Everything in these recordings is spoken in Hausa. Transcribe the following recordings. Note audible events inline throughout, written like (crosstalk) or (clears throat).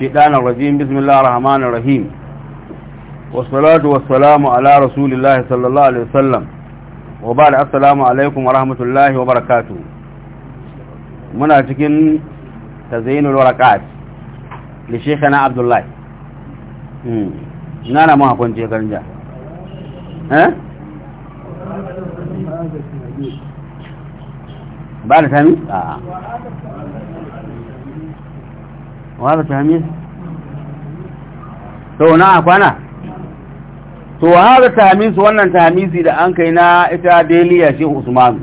الشيطان الرجيم بسم الله الرحمن الرحيم والصلاة والسلام على رسول الله صلى الله عليه وسلم وبعد السلام عليكم ورحمة الله وبركاته منا تكن تزيين الورقات لشيخنا عبد الله نانا ما كنت يكرنجا ها بعد ثاني اه وهذا تهميش to na kwana to hada tahmisu wannan tahmisi da an kai na ita deliya shehu usman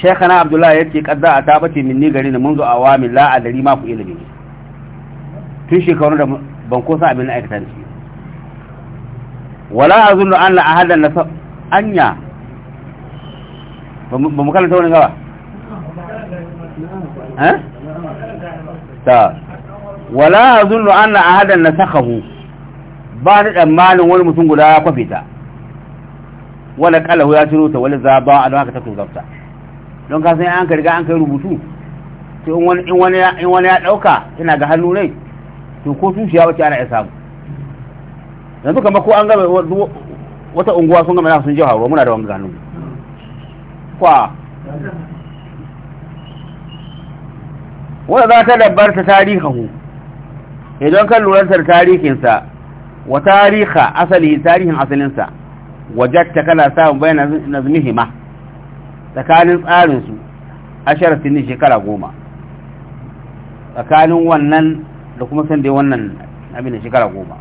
shekana abdullahi yace kadda a tabati ni gari na munzu awami la adari ma ku ilimi tun shekarun da ban ko sa abin aikata da wala azunnu an la ahadan na anya ba mu kallon taurin gawa eh ta wala yazunnu anna ahadan nasakahu ba ni tsammanin wani mutum guda ya kwafe ta wala kalahu ya tiro ta wala zaba an haka ta tuzafta don ka san an ka riga an kai rubutu to in wani in wani in wani ya dauka ina ga hannu ne to ko sun ya wuce ana ya samu yanzu kamar ko an gaba wata unguwa sun gama sun je haro muna da wani ganin kwa wa za ta dabbarta tarihahu idan kan lurantar tarihinsa wa tariha asali tarihin asalinsa wajatta kana samun bayan nazmihima tsakanin tsarinsu ashirar sinin shekara goma tsakanin wannan da kuma sanda wannan abin shekara goma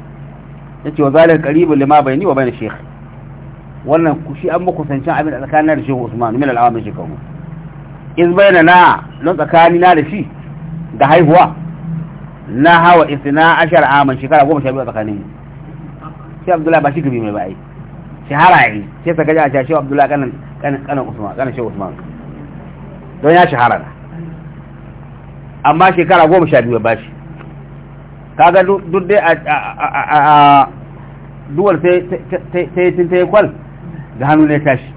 ya ce wa zalar karibin lima bai ni wa bayan shekh wannan shi an makusancin abin da tsakanin da shehu usman min al'awamin shekaru iz bayyana na don tsakani na da shi da haihuwa na hawa isna ashar aman shekara goma sha biyu a tsakanin shi abdullahi ba shi gabi mai ba'ai shi haraye sai saka a shi abdullahi kanan kanan usman kanan shehu usman don ya shahara na amma shekara goma sha biyu ba shi kaga duk dai a duwar sai tun ta yi kwal da hannu ne tashi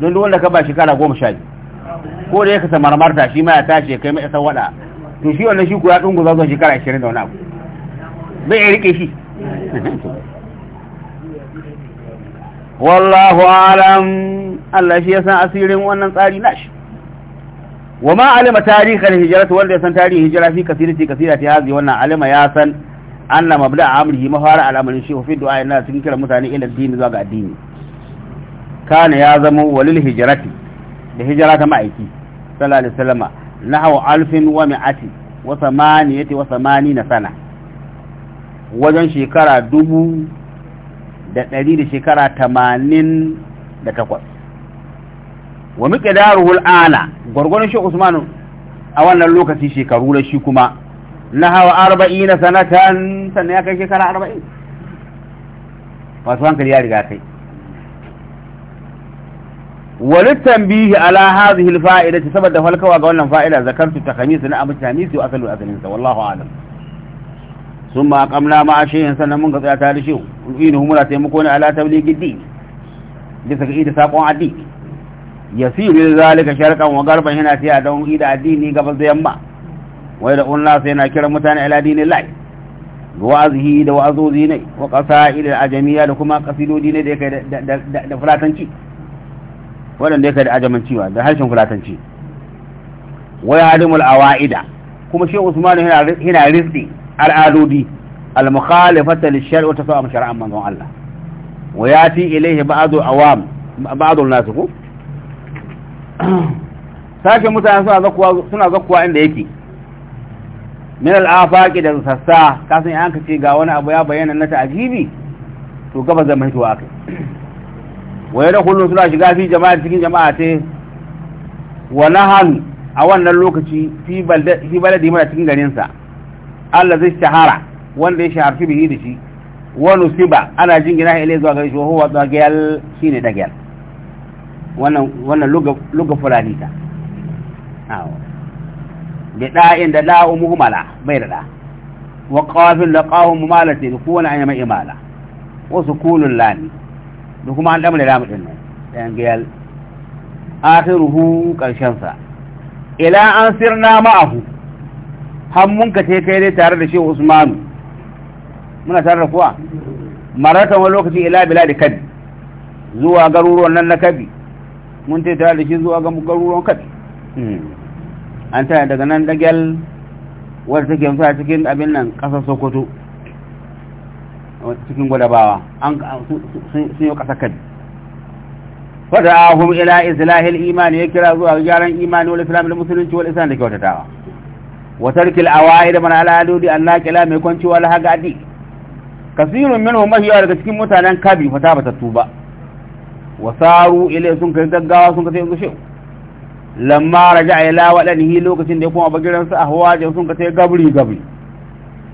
don duwar da ka ba shekara goma sha biyu ko da ya kasa ta shi ma ya tashi ya kai mai isa wada to shi wannan shi kuwa dungu zazo shekara 20 da wani abu bai ya rike shi (laughs) wallahu alam Allah shi ya san asirin wannan tsari nashi wa ma alima tarihin hijratu wanda ya san tarihin hijira fi kasirati kasirati hazi wannan alima ya san anna mabda amrihi mafara al'amarin shi fi du'a yana cikin kira mutane ila dini zuwa ga addini kana ya zama walil hijrati da hijira ta ma'aiki sallallahu alaihi wasallam nahwa alfin wa mi'ati wa samaniyati wa samanina sana wajen shekara dubu da ɗari da shekara tamanin da takwas wa muke daruhul ana gwargwaron shi usman a wannan lokaci shekaru da shi kuma na hawa arba'in sanatan sannan ya kai shekara arba'in wasu hankali ya riga kai wani tambihi ala hadhihi alfa'ida ta saboda falkawa ga wannan fa'ida zakartu takhamis na abu tamisi wa asalu asalin sa wallahu a'lam summa qamna ma shayin sannan mun ga tsaya ta rishe inu humura taimako ne ala tablighi din da saka ita sakon addini yasiru zalika sharqan wa garban yana tiya don ida addini gaban da yamma wai da unna sai yana kiran mutane ala dinin lai wa'azihi da wa'azozi ne wa qasaid al-ajamiyya da kuma qasidodi ne da da da fulatanci waɗanda yake da ajamancewa da harshen fulatanci wa yadimul awaida kuma shi Usman yana rizqi al'adudi al-mukhalifata lish wata wa tasawwum shar'an manzon Allah wa yati ilayhi ba'du awam ba'du an-nas ku sake mutane suna zakuwa suna zakkuwa inda yake min al-afaqi da sassa kasan an kace ga wani abu ya bayyana na ta'jibi to gaba zaman shi wa akai wa da kullum suna shiga fi jama'a cikin jama'a te wa nahal a wannan lokaci fi baladi mana cikin garinsa Allah zai shahara wanda ya shaharci bihi da shi wa nusiba ana jingina ilai zuwa gari shi wa huwa dagiyal shine dagiyal wannan wannan luga luga fulani ta bi da'in da la'u muhmala bai da da wa qafil laqahum malatin kuwana ayyama imala wa sukulul lani Da kuma an damu lamu din nan ɗayan gayal akhiruhu sa. ila an sirna ma'ahu hannun ka ce kai dai tare da shehu usmanu muna tare da kuwa maratan wani lokaci ila da kabi zuwa garuruwan nan na kabi mun ce tare da shi zuwa ga garuruwan kabi hmm. an tana daga nan dagel wadda take yanzu a cikin abin nan ƙasar sokoto cikin gwadabawa an sun yi ƙasa kadi fada'ahum ila islahil imani ya kira zuwa gyaran imani wani islam da musulunci wal islam da kyautatawa wa tarkil da mana aladudi Allah kila mai kwanci wal kasirin kasirun minhum mahiya daga cikin mutanen kabi fata bata tuba wa saru ila sun kai gaggawa sun kai gushe lamma raja ila wadanihi lokacin da ya koma bagiran su ahwaje sun kai gabri gabri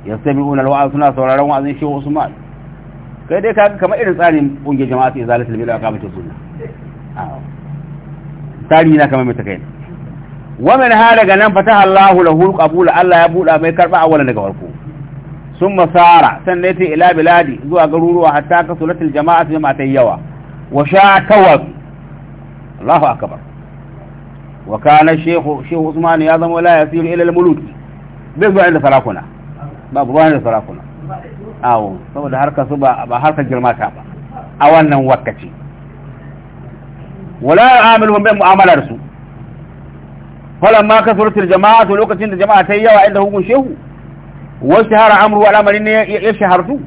yastami'una al-wa'az suna sauraron wa'azin shehu Usman kai dai kaga kamar irin tsarin kungiyar jama'a sai zalatul bid'a ka mace sunna tsari na kamar mutaka ne wa min ha daga nan fata Allahu lahu qabul Allah ya buda mai karba awalan daga farko sun masara sannan ta ila biladi zuwa garuruwa hatta ka sulatul jama'a jama'a ta yawa wa sha tawab Allahu akbar wa kana shehu shehu Usman ya zama la yasiru ila al-muluk bai zuwa inda sarakuna babu ruwan da sarakuna awo saboda harka su ba harka girma ta ba a wannan wakaci wala ya'amiluhum bi mu'amalar su falan ma jama'a to lokacin da jama'a ta yi yawa inda hukun shehu wa shahara amru al'amarin ne ya shahartu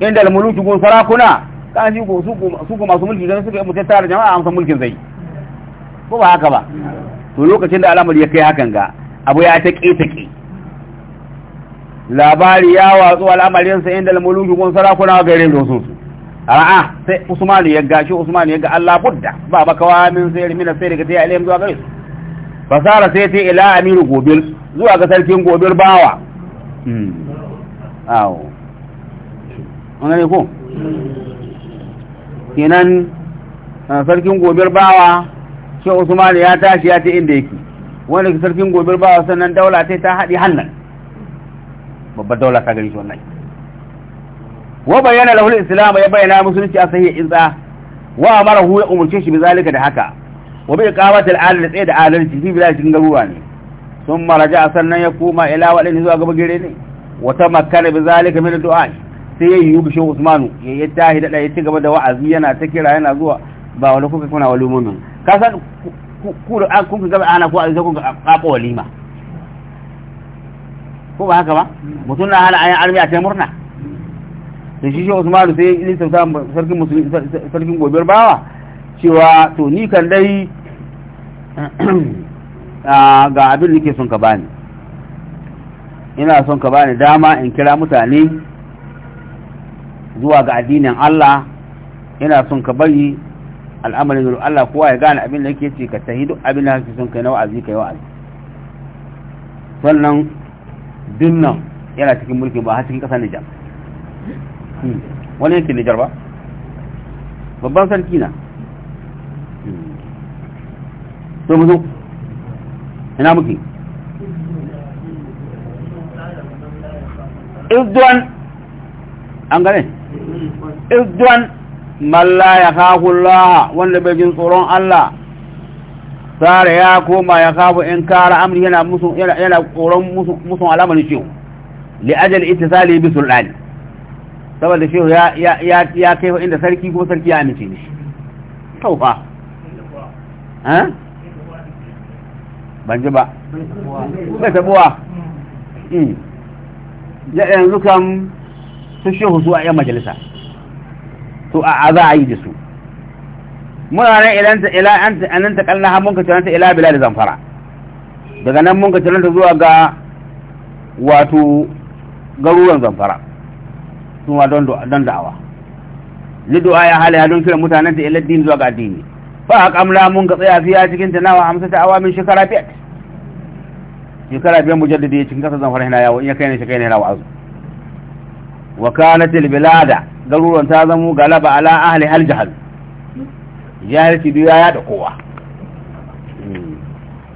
inda al-muluku gun sarakuna kan shi su su ko masu mulki dan suka yi mutattar jama'a amsa mulkin zai ko ba haka ba to lokacin da al'amari ya kai hakan ga abu ya ta ƙetake labari ya watsu al'amarinsa inda al-muluki kun sarakuna garin dosun su a'a sai usmanu ya gashi usmanu ya ga Allah budda ba baka wa min sayar min sai daga tayi alim zuwa gare su fasara sai ta ila amiru gobil zuwa ga sarkin gobil bawa hmm. awo awo ne ko kenan sarkin gobil bawa sai usmanu ya tashi ya ta inda yake wani sarkin gobil bawa sannan daula ta ta haɗi hannan babbar daula ta gani wannan wa bayyana lahul islam ya bayyana musulunci a sahihi inza wa hu ya umurce shi bizalika da haka wa bi iqamati al da tsaye da adalci fi bilal cikin garuruwa ne sun maraja sannan ya koma ila waɗanda zuwa gaba gare ne wa tamakkana bizalika min du'a sai ya yi bishin Usmanu ya yi tahi da ya ci gaba da wa'azi yana ta kira yana zuwa ba wani kuka kuna walimomin ka san ku ku an kuka gaba ana ko a zai kuka kafa walima ko ba haka ba mutum na hana ayan armiya ta murna da shi shi usmanu sai ya lissafta sarkin musulmi sarkin gobiyar bawa cewa to ni kan dai (clears throat) ga abin da ke son ka bani ina son ka bani dama in kira mutane zuwa ga addinin Allah ina son ka bari al'amarin zuwa Allah kowa ya gane abin da yake ce ka tahi duk abin da kake son kai na wa'azi yi wa'azi sannan dinnan yana cikin mulkin ba har cikin ƙasar Nijar hmm. wani yankin Nijar ba babban sarki na hmm. to mu zo ina muke izduwan an gane izduwan mallaya ya kahu wanda bai jin tsoron Allah sara ya koma ya kafu in kara amri yana musu yana tsoron musu alamar shehu li ajal ittisali bi sulani saboda shehu ya ya ya kai inda sarki ko sarki ya amince ni taufa eh ban ji ba bai tabuwa hmm. yanzu kam su shehu su a majalisa to a za a yi da su muna ilanta idan ta ila an ta anan ta kalla har mun tunanta ila bilal zamfara daga nan mun tunanta zuwa ga wato garuruwan zamfara kuma don don da'awa du'a ya hali don kira mutanen ta ila din zuwa ga addini fa kamla mun ka tsaya fiya cikin ta nawa hamsa ta awamin shekara biyar shekara biyar mujaddidi cikin kasar zamfara hina yawo in ya kai ne shi ne yana wa kanatil bilada garuruwan ta zamu galaba ala ahli hal jahal jahilci duk yaya da kowa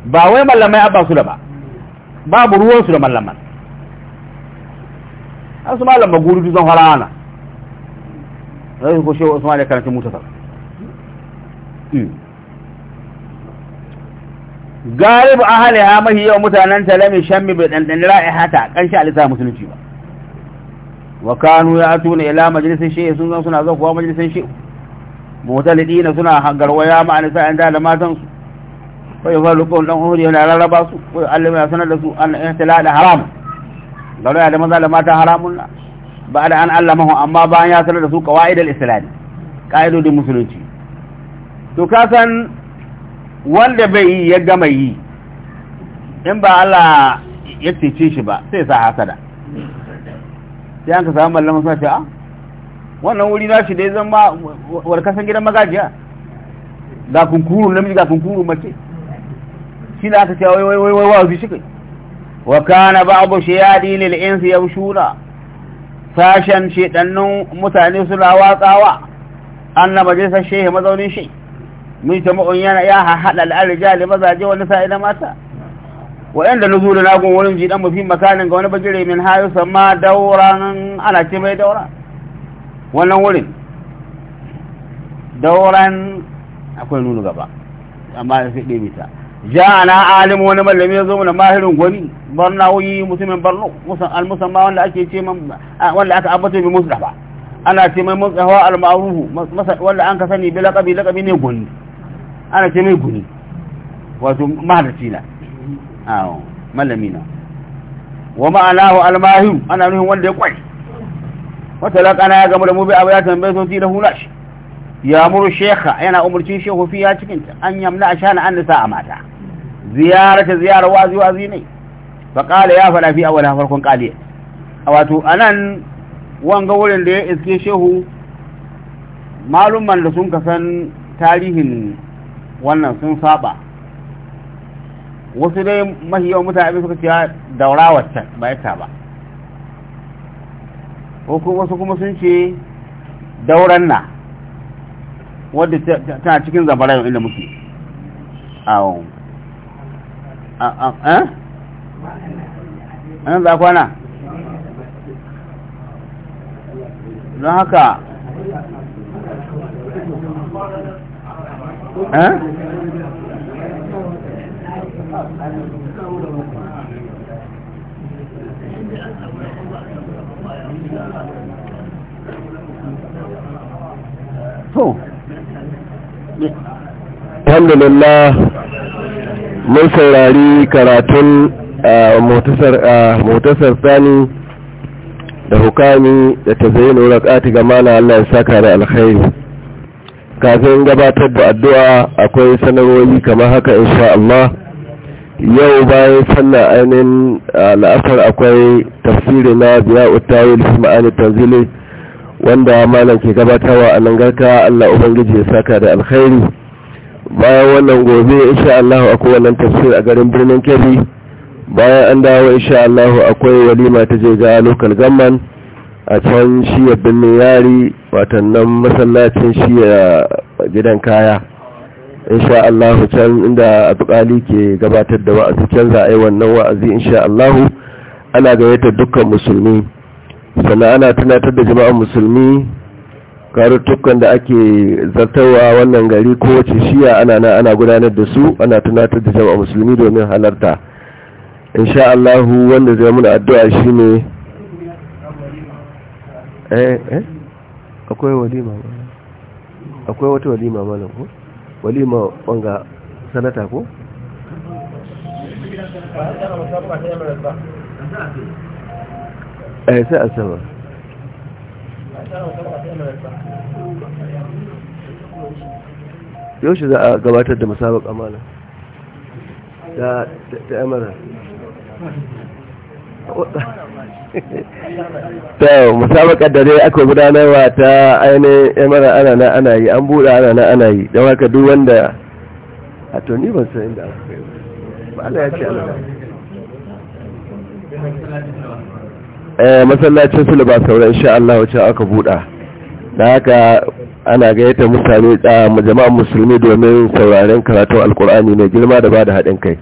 ba wai mallamai abba su da ba babu ruwansu da mallaman an su mallam maguru duk zan fara ana zai ko shehu usman ya karanta mutasar galibu ahali ha mahi yau mutanen talami shammi bai ɗanɗani ra'ayi hata a alisa musulunci ba wa kanu ya tuna ila majalisar shi sun zan suna kuwa majalisar shi mutalidina suna hangarwaya ma'ana sa'an da matan su fa yufarriqun dan uhri yana rarraba su ko allama ya sanar da su an ihtilal haram garwaya da maza da mata haramun ba da an allamahu amma bayan ya sanar da su qawaidul islam ƙa'idodin musulunci to ka san wanda bai yi ya gama yi in ba Allah ya cece shi ba sai sa hasada sai an ka samu mallamin sa ce a ah, wannan wuri na shi da ya zama warkasan gidan magajiya ga kunkuru namiji ga kunkuru mace shi da aka cewa wai wai wai wa shi kai wa kana ba'du da lil ya shura sashen shedannun mutane suna watsawa anna majalisa shehi mazaunin shi mun ta ma'un yana ya hada al-rijali mazaje wani da mata wa'anda nuzulun agun wurin jidan mafi makanin ga wani bagire min hayu sama dauran ana ce mai dauran wannan wurin dauran akwai nuna gaba amma sai ɗebe ta ja na alimu wani mallami ya zo mana mahirin gwani barna wuyi musulmin barno al-musamma wanda ake ce wanda aka ambata bi mustafa ana ce mai mustafa al-ma'rufu wanda an ka sani bi laqabi laqabi ne gwani ana ce mai gwani wato mahadaci na awo mallami na wa ma'anahu al mahiru ana nufin wanda ya kwai na ya gama da mu bi abu ya tambaye sun tira shi. ya muru shekha yana umarcin shehu fiya cikin ta an yamna ashana an nisa a mata ta ziyara wazi wazi ne fa kala ya fada fi awwal farkon qali wato anan wanga wurin da ya iske shehu malumman da sun san tarihin wannan sun saba wasu dai mahiyar mutane suka ce daura wacce ba ya ba ko kuma wasu kuma sun ce dauran na wadda tana cikin zamfara yau inda muke awon an za kwana don haka eh to alhamdulillah mun saurari karatun motasar sani da hukami da ta zai Rakati ga mana Allah ya saka da alkhairi kafin gabatar da addu'a akwai sanarwoyi kamar haka insha Allah yau bayan sallar ainihin la'asar akwai tafsiri na biya da kuma ainihin tanzili wanda malam ke gabatarwa a nan garka allah ubangiji ya saka da alkhairi bayan wannan gobe insha allahu akwai wannan tafsir a garin birnin kebbi bayan an dawo insha allahu akwai walima ta je ga local gamman a can shiya birnin yari watannan masallacin shiya gidan kaya insha Allah can inda alƙali ke gabatar da wa'azi can za a yi wannan wa'azi insha Allah ana gayyatar dukkan musulmi sannan ana tunatar da jama'an musulmi dukkan da ake zartarwa wannan gari kowace shiya ana na ana gudanar da su ana tunatar da jama'an musulmi domin halarta insha Allah wanda zai mun addu'a shine eh eh akwai walima akwai wata walima malam ko walima wanga sanata ko eh sai asaba yau za a gabatar da musabaka amana ta amara to musabakar da dai aka gudanarwa ta ainihin emira ana na ana yi an buɗe ana na ana yi don haka duk wanda a to ni ban san inda ba ala ya ce ana eh masallacin su ba sauran insha Allah wacce aka buɗa da haka ana gayyata mutane da jama'an musulmi domin sauraren karatun alkur'ani mai girma da ba da haɗin kai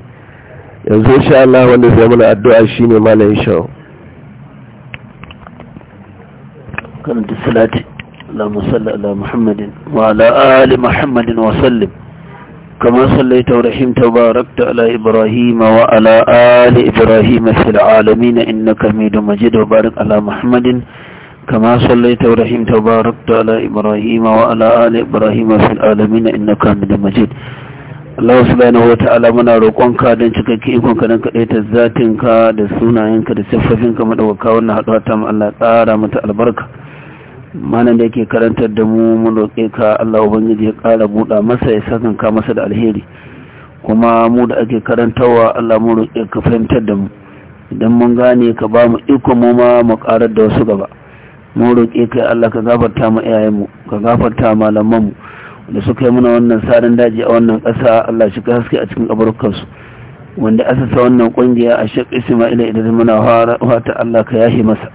yanzu insha Allah wanda zai mana addu'a shine malam Shaw karanta salati la muhammadin wa ala ali muhammadin wa sallim kama sallai taurahim tabarak ta ala ibrahim wa ala ali ibrahim fil alamin innaka hamidu majid wa barik muhammadin kama sallai taurahim tabarak ta ala ibrahim wa ala ali ibrahim fil alamin innaka hamidu majid Allah subhanahu wa ta'ala muna roƙonka don cikakke ikon ka don kaɗai ta zatinka da sunayenka da siffofinka madaukakawar na haɗuwa ta Allah tsara mata albarka. manan da yake karantar da mu mun roƙe ka Allah ubangiji ya ƙara buɗa masa ya saka ka masa da alheri kuma mu da ake karantarwa Allah mun roƙe ka fahimtar da mu idan mun gane ka ba mu iko mu ma mu ƙarar da wasu gaba mun roƙe ka Allah ka gafarta mu iyayenmu ka gafarta malaman mu da suka yi mana wannan sarin daji a wannan ƙasa Allah shi ka haske a cikin kaburukan wanda asasa wannan ƙungiya a Sheikh isma'ila idan muna fata Allah ka yahi masa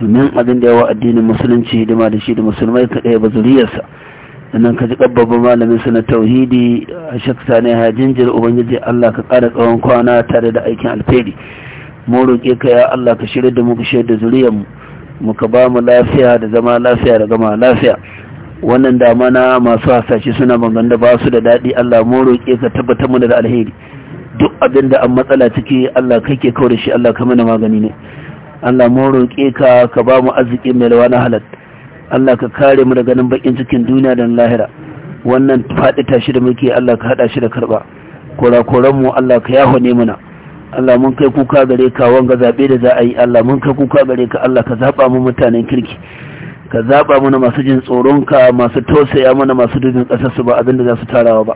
domin abin da yawa addinin musulunci hidima da shi da musulmai ka ɗaya ba zuriyarsa sannan ka ji ƙabbabin malamin su na tauhidi a shakta ne ubangiji allah ka ƙara tsawon kwana tare da aikin alferi mu roƙe ka ya allah ka shirya da mu ka shirya da zuriyarmu mu ka ba mu lafiya da zama lafiya da gama lafiya wannan na masu hasashe suna magana da ba su da daɗi allah mu roƙe ka tabbatar mana da alheri duk abin da an matsala ciki allah kake ke shi allah ka mana magani ne Allah mun roƙe ka ka ba mu arziki mai rawa na halal Allah ka kare mu daga nan bakin cikin duniya da lahira wannan faɗi tashi da muke Allah ka haɗa shi da karɓa korakoran mu Allah ka yaho ne muna Allah mun kai kuka gare ka wanga zaɓe da za a yi Allah mun kai kuka gare ka Allah ka zaɓa mu mutanen kirki ka zaɓa mana masu jin tsoronka masu tausaya mana masu dubin ƙasarsu ba abinda za su tarawa ba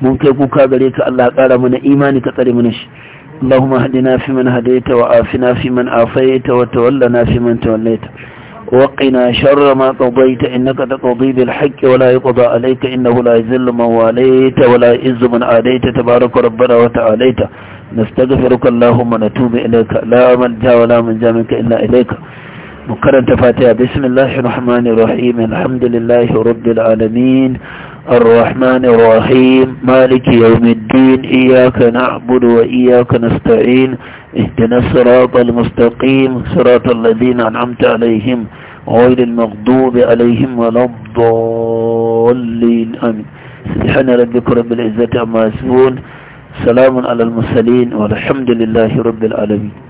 mun kai kuka gare ka Allah ƙara mana imani ka tsare mana shi اللهم اهدنا فيمن هديت وآفنا فيمن آفيت وتولنا فيمن توليت وقنا شر ما قضيت إنك تقضي بالحق ولا يقضى عليك إنه لا يذل من واليت ولا يئز من آليت تبارك ربنا وتعاليت نستغفرك اللهم نتوب إليك لا ملجا ولا منجا منك إلا إليك مكرم تفاتيح بسم الله الرحمن الرحيم الحمد لله رب العالمين الرحمن الرحيم مالك يوم الدين إياك نعبد وإياك نستعين اهدنا الصراط المستقيم صراط الذين أنعمت عليهم غير المغضوب عليهم ولا الضالين آمين سبحان ربك رب العزة عما يصفون سلام على المرسلين والحمد لله رب العالمين